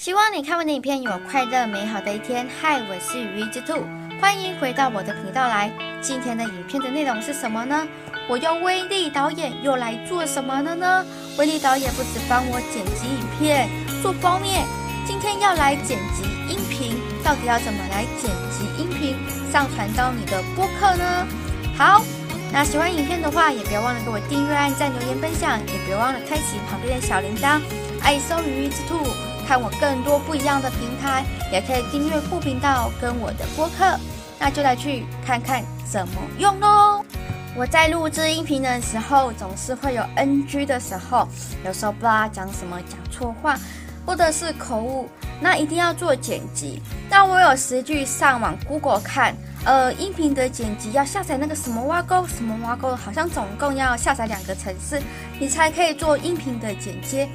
希望你看完的影片有快樂美好的一天。嗨，我是羽翼之兔，歡迎回到我的頻道來。今天的影片的內容是什麼呢？我用威力導演又來做什麼了呢？威力導演不止幫我剪輯影片、做封面，今天要來剪輯音頻，到底要怎麼來剪輯音頻，上傳到你的播客呢？好，那喜歡影片的話，也別忘了給我訂閱、按讚、留言、分享，也別忘了開啟旁邊的小鈴鐺。愛搜羽翼之兔。看我更多不一樣的平台，也可以訂閱副頻道跟我的播客，那就來去看看怎麼用哦。我在錄製音頻的時候，總是會有 NG 的時候，有時候不知道講什麼，講錯話，或者是口誤，那一定要做剪輯。那我有時去上網 Google 看，呃，音頻的剪輯要下載那個什麼挖溝什麼挖溝，好像總共要下載兩個程式，你才可以做音頻的剪接。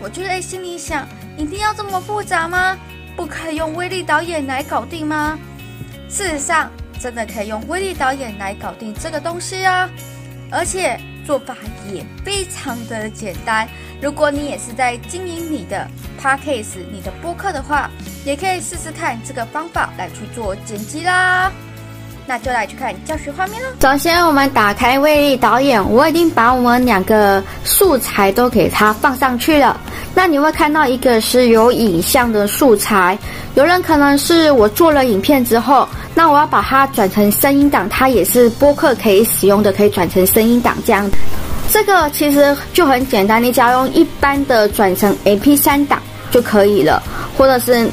我就在、哎、心裡想。一定要這麼複雜嗎？不可以用威力導演來搞定嗎？事實上，真的可以用威力導演來搞定這個東西啊，而且做法也非常的簡單。如果你也是在經營你的 p a d c a s 你的播客的話，也可以試試看這個方法來去做剪輯啦。那就來去看教學畫面咯。首先，我們打開威力導演，我已經把我們兩個素材都給它放上去了。那你會看到一個是有影像的素材，有人可能是我做了影片之後，那我要把它轉成聲音檔，它也是播客可以使用的，可以轉成聲音檔這樣。這個其實就很簡單，你只要用一般的轉成 MP3 檔就可以了，或者是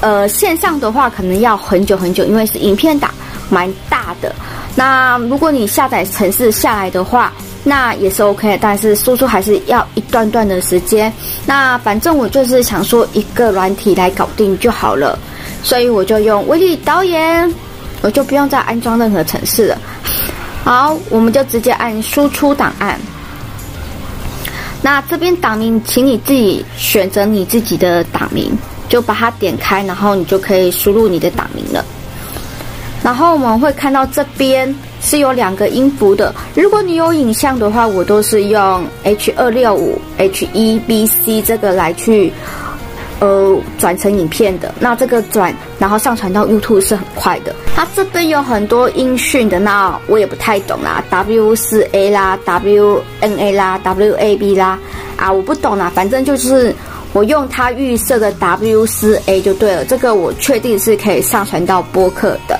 呃線上的話可能要很久很久，因為是影片檔。蠻大的，那如果你下載程式下來的話，那也是 OK，但是輸出還是要一段段的時間。那反正我就是想說一個軟體來搞定就好了，所以我就用威力導演，我就不用再安裝任何程式了。好，我們就直接按輸出檔案。那這邊檔名，請你自己選擇你自己的檔名，就把它點開，然後你就可以輸入你的檔名了。然後我們會看到這邊是有兩個音符的。如果你有影像的話，我都是用 H 二六五 H E B C 這個來去呃轉成影片的。那這個轉然後上傳到 YouTube 是很快的。它，啊、這邊有很多音訊的，那我也不太懂啦。W 四 A 啦，W N A 啦，W A B 啦，啊我不懂啦，反正就是我用它預設的 W 四 A 就對了。這個我確定是可以上傳到播客的。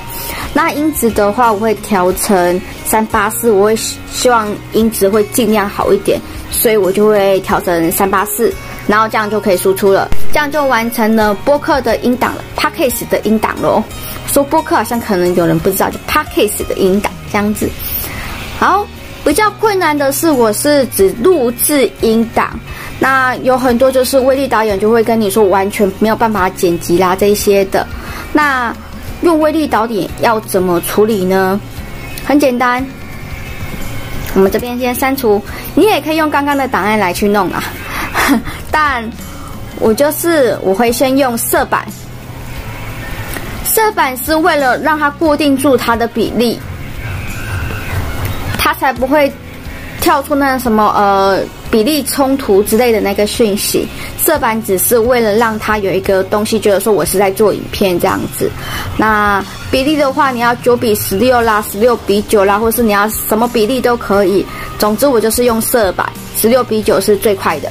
那音質的話，我會調成三八四，我會希望音質會儘量好一點，所以我就會調成三八四，然後這樣就可以輸出了，這樣就完成了播客的音檔了 Podcast 的音檔囉，說說播客好像可能有人不知道，就 Podcast 的音檔這樣子。好，比較困難的是我是只錄制音檔，那有很多就是威力導演就會跟你說完全沒有辦法剪輯啦這些的，那。用威力導演要怎麼處理呢？很簡單，我們這邊先刪除。你也可以用剛剛的檔案來去弄啊， 但我就是我會先用色板，色板是為了讓它固定住它的比例，它才不會跳出那什麼呃。比例衝突之類的那個訊息，色板只是為了讓它有一個東西，覺得說我是在做影片這樣子。那比例的話，你要九比十六啦，十六比九啦，或是你要什麼比例都可以。總之，我就是用色板，十六比九是最快的，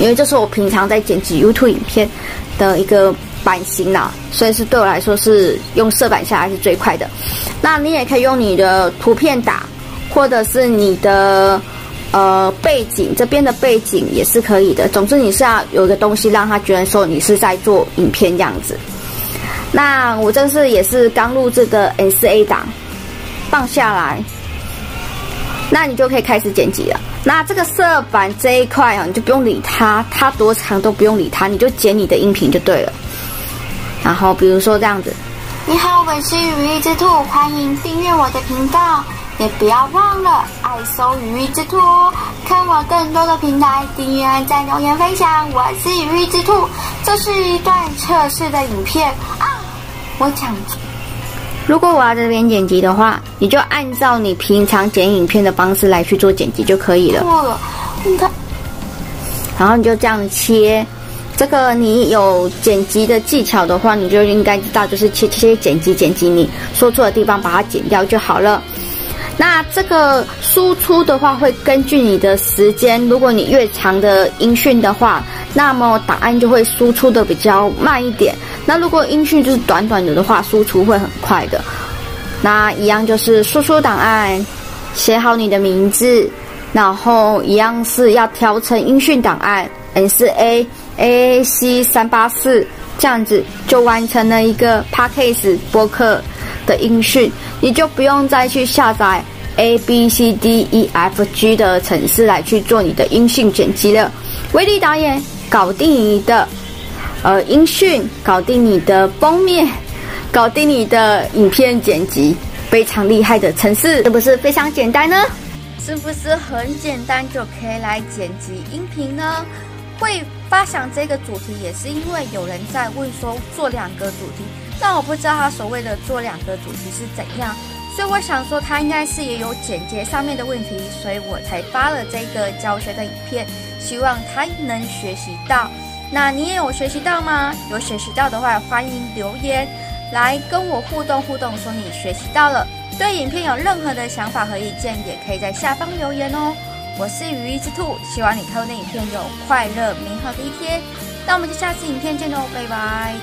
因為這是我平常在剪輯 YouTube 影片的一個版型啦。所以是對我來說是用色板下來是最快的。那你也可以用你的圖片打，或者是你的。呃，背景這邊的背景也是可以的。總之你是要有一個東西讓他覺得說你是在做影片這樣子。那我這是次也是剛錄這個 S A 檔，放下來，那你就可以開始剪輯了。那這個色板這一塊啊，你就不用理它，它多長都不用理它，你就剪你的音頻就對了。然後比如說這樣子，你好，我是羽翼之兔，歡迎訂閱我的頻道。也不要忘了，愛搜羽翼之兔，看我更多的平台，訂閱、按讚、留言、分享。我是羽翼之兔，這是一段測試的影片啊！我講，如果我要這邊剪輯的話，你就按照你平常剪影片的方式來去做剪輯就可以了。錯了，你看，然後你就這樣切。這個你有剪輯的技巧的話，你就應該知道，就是切切切剪輯剪輯你，你說錯的地方把它剪掉就好了。那這個輸出的話，會根據你的時間，如果你越長的音訊的話，那麼檔案就會輸出的比較慢一點。那如果音訊就是短短的的話，輸出會很快的。那一樣就是輸出檔案，寫好你的名字，然後一樣是要調成音訊檔案，M4A AAC 384這樣子，就完成了一個 podcast 播客。的音訊，你就不用再去下載 A B C D E F G 的程式來去做你的音訊剪輯了。威力導演搞定你的呃音訊，搞定你的封面，搞定你的影片剪輯，非常厲害的程式，是不是非常簡單呢？是不是很簡單就可以來剪輯音頻呢？會發想這個主題，也是因為有人在問說做兩個主題。但我不知道他所謂的做兩個主題是怎樣，所以我想說他應該是也有剪接上面的問題，所以我才發了這個教學的影片，希望他能學習到。那你也有學習到嗎？有學習到的話，歡迎留言來跟我互動互動，說你學習到了。對影片有任何的想法和意見，也可以在下方留言哦。我是羽翼之兔，希望你看我的影片有快樂、美好的一天。那我們就下次影片見嘍，哦，拜拜。